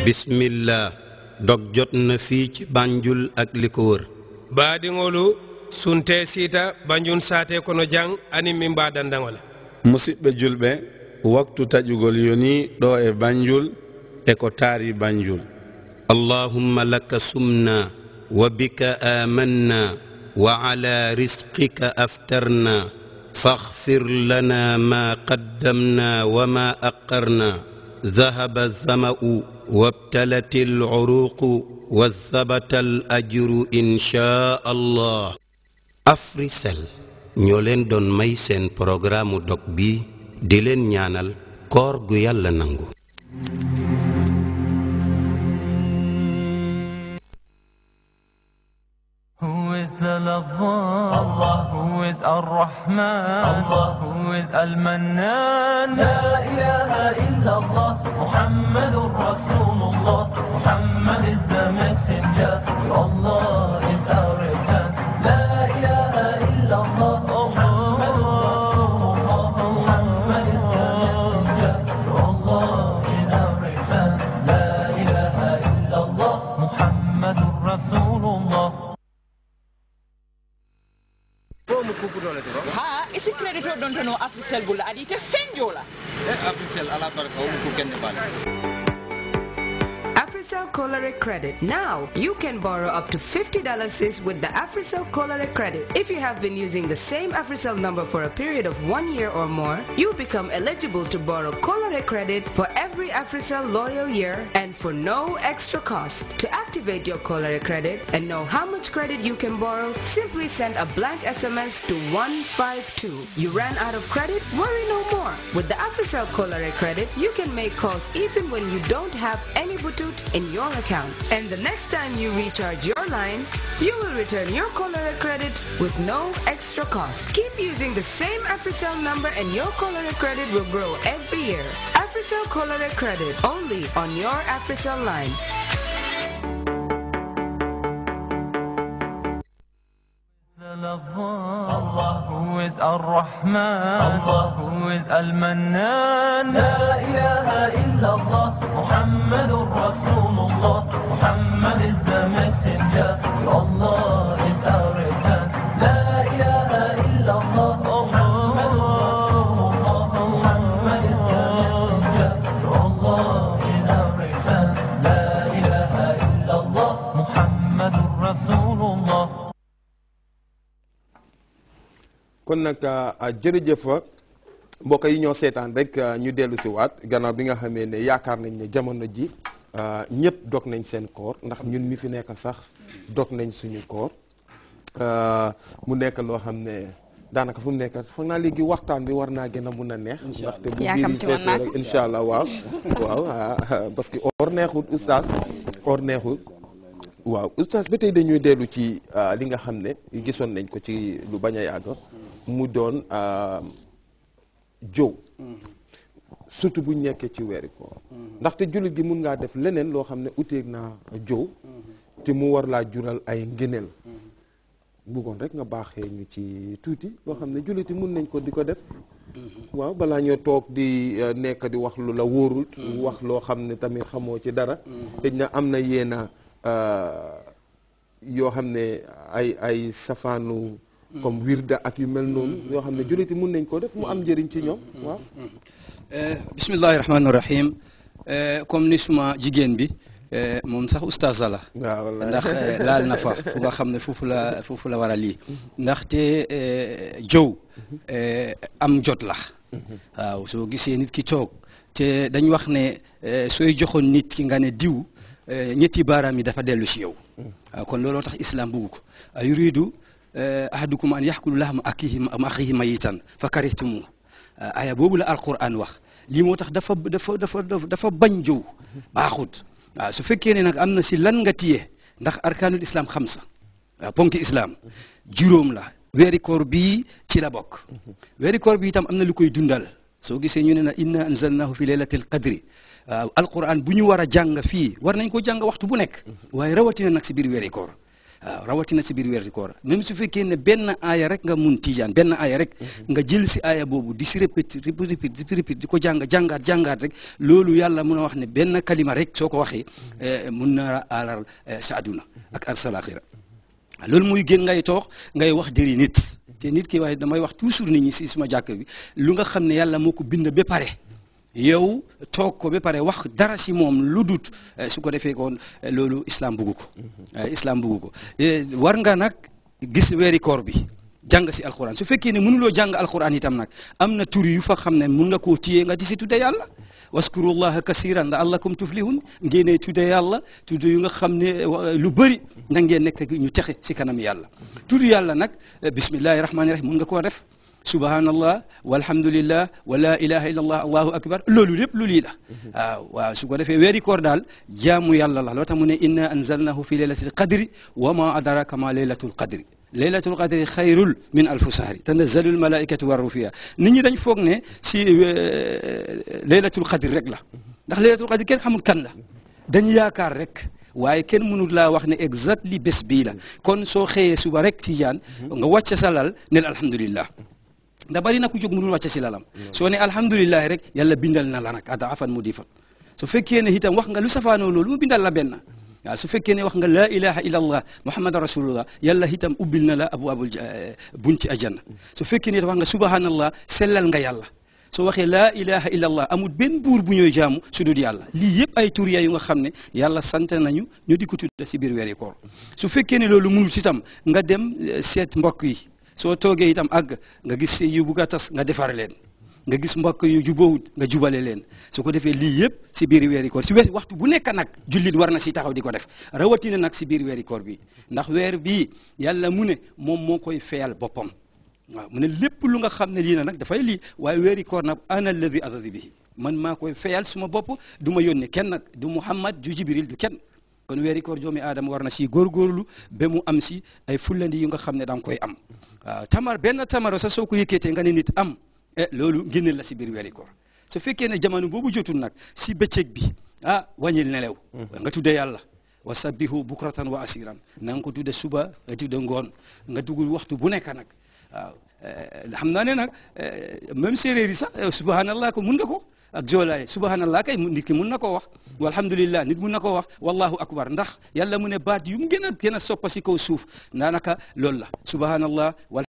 bismillah dog jot na fii ci banjul ak li ko wër baadiŋolu sunte siita banjun saate kono jang ani min mba dandaŋola musidɓe julɓe waktu taƴugol yoni ɗo e banjul e ko taari banjul allahumma laka sumna wa bika amanna wa ala risqika aftarna فاغفر لنا ما قدمنا وما أقرنا ذهب الظمأ وابتلت العروق وثبت الأجر إن شاء الله Africell ñoo leen doon may seen programme dog bi di leen ñaanal koor gu yàlla nangu Who is the love one? الرحمن الله هو المنان لا إله إلا الله محمد رسول الله محمد الزمان the messenger si credit o ɗon tan o africel gulla aɗa yite feñjola e eh, africel ala barka AfriCell Cholera Credit. Now, you can borrow up to $50 with the AfriCell Cholera Credit. If you have been using the same AfriCell number for a period of one year or more, you become eligible to borrow Cholera Credit for every AfriCell loyal year and for no extra cost. To activate your Cholera Credit and know how much credit you can borrow, simply send a blank SMS to 152. You ran out of credit? Worry no more. With the AfriCell Cholera Credit, you can make calls even when you don't have any butut. in in your account. And the next time you recharge your line, you will return your cholera credit with no extra cost. Keep using the same AfriCell number and your cholera credit will grow every year. AfriCell cholera credit only on your AfriCell line. Allah who is Ar-Rahman Allah who is Al-Mannan محمد رسول الله محمد is the messenger Your is our return لا إله إلا الله محمد رسول الله محمد is the messenger Your is our return لا إله إلا الله محمد رسول الله كنا كأجر mbokk yi ñoo seetaan rek euh, ñu dellu si waat gannaaw bi nga xamee ne yaakaar nañ ne jamono ji euh, ñëpp dog nañ seen koor ndax ñun mi fi nekk sax dog nañ suñu koor euh, mu nekk loo xam ne daanaka fu mu nekk foog naa léegi waxtaan bi war naa gën a mun a neex. ndaxte bu biir yi feesee rek incha allah waaw. waaw ah, parce que or neexut oustaz or neexut. waaw oustaz ba tey dañuy dellu ci li nga xam ne gisoon nañ ko ci lu bañ a yàgg mu doon. jow mm-hmm. surtout bu nekkee ci weeri koor mm-hmm. ndaxte jullit gi mun ngaa def leneen loo xam ne uteeg naa jow mm-hmm. te mu war laa jural ay ngëneel bëggoon rek nga baaxee ñu ci tuuti loo xam ne jullit yi mun nañ ko di ko def waaw balaa ñoo toog di euh, nekk di wax lu la wóorul wax loo xam ne tamit xamoo ci dara xëj na am na yéena euh, yoo xam ne ay ay safaanu comme da ak yu mel noonu yoo xam ne julliti mun nañ koo def mu am njëriñ ci ñoom waaw eh, bismillahi rahmaani rahim eh, comme ni suma jigéen bi eh, moom sax ustaasa la ndax laal na fa fu xam ne foofu la foofu la war a lii ndaxte jëw am jot la waaw soo gisee nit ki toog te dañ wax ne sooy joxoon nit ki nga ne diw ñetti baaraam yi dafa dellu si yow kon looloo tax islam bugg ko yuridu أحدكم أن يحكل لحم أخيه أخيه ميتا فكرهتموه aya boobu la alquran wax lii moo tax dafa dafa dafa dafa bañ jëw baaxut waaw su fekkee ne nag am na si lan nga tiye ndax arkaanul islam xamsa waaw ponki islam juróom la weeri koor bii ci la bokk weeri koor bi itam am na lu koy dundal soo gisee ñu ne na inna anzalnahu fi laylatil qadri waaw alquran bu ñu war a jàng fii war nañ ko jàng waxtu bu nekk waaye rawatina nag si biir weeri koor waaw rawatina si biir weer weeru koor même su fekkee ne benn aaya rek nga mun tiijaan benn aaya rek mhm. nga jël si aaya boobu di si répété répété répété di ko jàng jàngaat jàngaat rek loolu yàlla mun a wax ne benn kalima rek soo ko waxee mhm. eh, mun na aaral eh, sa aduna ak ar salaxira loolu muy gën ngay toox ngay wax dëri nit te nit ki waaye damay wax toujours nit ñi si suma jàkk bi lu nga xam ne yàlla moo ko bind ba pare yow toog ko ba pare wax dara si moom lu dut eh, su ko defee koon eh, loolu islam bugg ko mm-hmm. eh, islam bugg ko war nga nag gis weeri koor bi jàng si al alquran su fekkee ne mënuloo jàng alquran itam nag am na tur yu fa xam ne mun nga koo téyee nga di si tudde yàlla waskurullaha kasiran laallakum tuflihun ngeenee tudde yàlla tudd yu nga xam ne lu bëri na ngeen nekk ñu texe si kanam yàlla mm-hmm. tudd yàlla nag bismillahi rahmani rahim mun nga koo def سبحان الله والحمد لله ولا اله الا الله الله اكبر لولو ليب لولي لا وا سوكو دافي ويري كور دال جامو يالا لا لوتا ان انزلناه في ليله القدر وما ادراك ما ليله القدر ليلة القدر خير من ألف شهر تنزل الملائكة والروح فيها نيني داني فوك ني سي ليلة القدر رك داخ ليلة القدر كين خامون كان لا داني ياكار رك واي كين منو لا واخ ني اكزاكتلي بس بي كون سو خيي سوبا رك تيان نغا سالال نل الحمد لله da bari na ku jóg mu dul wàcce si lalam soo ne rek yàlla bindal na la nag ada afan mu difat su fekkee ne itam wax nga lu safaanoo loolu mu bindal la benn waaw su fekkee ne wax nga laa ilaha illa allah muhammada rasulullah yàlla itam ubbil na la abwaabul eh, bunti ajanna su fekkee ne wax nga subhanallah sellal nga yàlla soo waxee laa ilaha illa allah amul benn buur bu ñooy jaamu su dul yàlla lii yëpp ay tur yu nga xam ne yàlla sant nañu ñu di ko tudda si biir weeri koor su fekkee ne loolu mënul si tam nga dem eh, seet mbokk yi soo toogee itam àgg nga gis sëy yu bugg a tas nga defar leen nga gis mbokk yu jubóowut nga jubale leen su ko defee lii yëpp si biir weeri koor si waxtu bu nekk nag jullit war na si taxaw di ko def rawatina nag si biir weeri koor bi ndax weer bii yàlla mu ne moom moo koy feyal boppam waaw mu ne lépp lu nga xam ne lii na nag dafay lii waaye weeri koor nag ana alladi azadi bihi man maa koy feyal suma bopp du ma yónnee kenn nag du Muhammad du Jibril du kenn kon weeri koor joomi aadama war na si góorgóorlu ba mu am si ay fullandi yu nga xam ne da koy am waaw tamar benn tamaro sax soo ko yëkkatee nga ne nit am e loolu ngëneel la si biir weeri koor su fekkee ne jamono boobu jotul nag si bëccëg bi a ah, wàññil nelew nga tuddee yàlla wa sabbihu bukratan wa asiran na nga ko tudde suba nga tudde ngoon nga dugul waxtu bu nekk nag waaw eh, xam naa ne nag eh, même séeréer yi sax subhanallah ko mun nga ko ak joolaay subhanallah kay nit ki mun na ko wax walhamdulillah nit mun na ko wax wallahu akbar ndax yàlla mu ne baat yu mu gën a gën a soppa si kaw suuf naanaka loolu la subhanallah